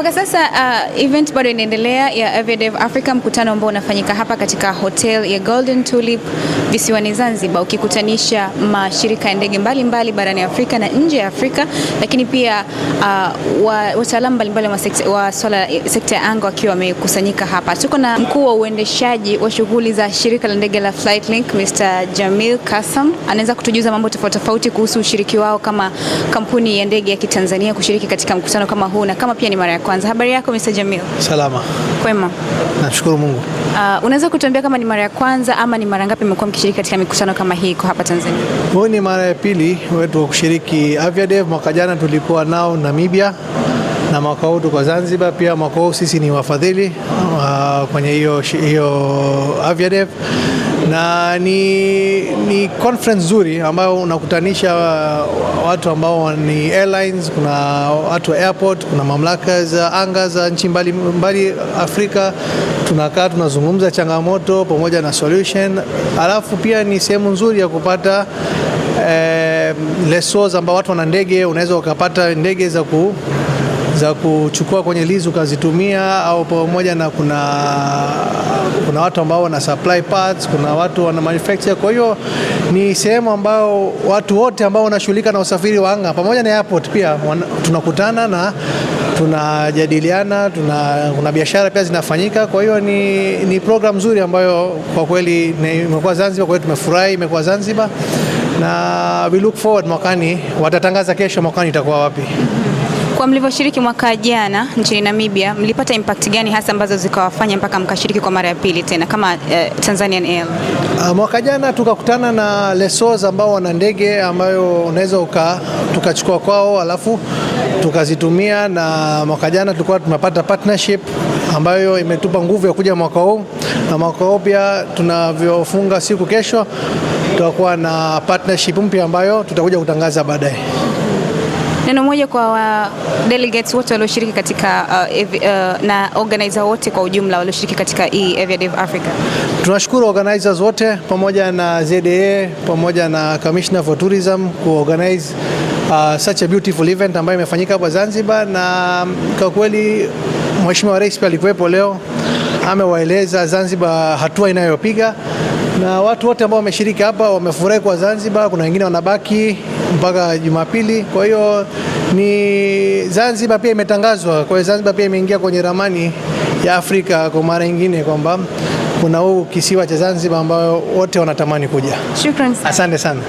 Kwa sasa uh, event bado inaendelea ya Aviadev Africa, mkutano ambao unafanyika hapa katika hotel ya Golden Tulip visiwani Zanzibar, ukikutanisha mashirika ya ndege mbalimbali barani Afrika na nje ya Afrika, lakini pia uh, wataalamu mbalimbali wa, wa swala sekta ya anga wakiwa wamekusanyika hapa. Tuko na mkuu wa uendeshaji wa shughuli za shirika la ndege la Flightlink Mr. Jamil Kasam, anaweza kutujuza mambo tofauti tofauti kuhusu ushiriki wao kama kampuni ya ndege ya Kitanzania kushiriki katika mkutano kama huu na kama pia ni mara ya kwanza, habari yako Mr. Jamil? Salama. Kwema. Nashukuru Mungu. Uh, unaweza kutuambia kama ni mara ya kwanza ama ni mara ngapi mmekuwa mkishiriki katika mikutano kama hii kwa hapa Tanzania? Huu ni mara ya pili wetu wa kushiriki Afya Mwaka jana tulikuwa nao Namibia na mwaka huu tuko Zanzibar pia. Mwaka huu sisi ni wafadhili uh, kwenye hiyo hiyo Afya na ni, ni conference nzuri ambayo unakutanisha uh, watu ambao ni airlines, kuna watu wa airport, kuna mamlaka za anga za nchi mbalimbali Afrika. Tunakaa tunazungumza changamoto pamoja na solution, alafu pia ni sehemu nzuri ya kupata eh, lessons ambao watu wana ndege, unaweza ukapata ndege za ku za kuchukua kwenye lease ukazitumia, au pamoja na kuna, kuna watu ambao wana supply parts, kuna watu wana manufacture. Kwa hiyo ni sehemu ambao watu wote ambao wanashughulika na usafiri wa anga pamoja na airport pia wana, tunakutana na tunajadiliana tuna, kuna biashara pia zinafanyika. Kwa hiyo ni, ni program nzuri ambayo kwa kweli imekuwa Zanzibar. Kwa hiyo tumefurahi imekuwa Zanzibar na we look forward mwakani, watatangaza kesho mwakani itakuwa wapi. Kwa mlivyoshiriki mwaka jana nchini Namibia, mlipata impact gani hasa ambazo zikawafanya mpaka mkashiriki kwa mara ya pili tena kama uh, Tanzanian Air? Uh, mwaka jana tukakutana na lessors ambao wana ndege ambayo unaweza tukachukua kwao alafu tukazitumia, na mwaka jana tulikuwa tumepata partnership ambayo imetupa nguvu ya kuja mwaka huu, na mwaka huu pia tunavyofunga siku kesho tutakuwa na partnership mpya ambayo tutakuja kutangaza baadaye. Neno moja kwa wa delegates wote walioshiriki katika uh, uh, na organizer wote kwa ujumla walioshiriki katika hii Aviadev Africa. Tunashukuru organizers wote pamoja na ZDA pamoja na Commissioner for Tourism organize uh, such a beautiful event ambayo imefanyika hapa Zanzibar, na um, kwa kweli Mheshimiwa Rais pia alikuwepo leo, amewaeleza Zanzibar hatua inayopiga na watu wote ambao wameshiriki hapa wamefurahi kwa Zanzibar. Kuna wengine wanabaki mpaka Jumapili. Kwa hiyo ni Zanzibar pia imetangazwa, kwa hiyo Zanzibar pia imeingia kwenye ramani ya Afrika kwa mara nyingine kwamba kuna huu kisiwa cha Zanzibar ambayo wote wanatamani kuja. Shukrani Asante sana.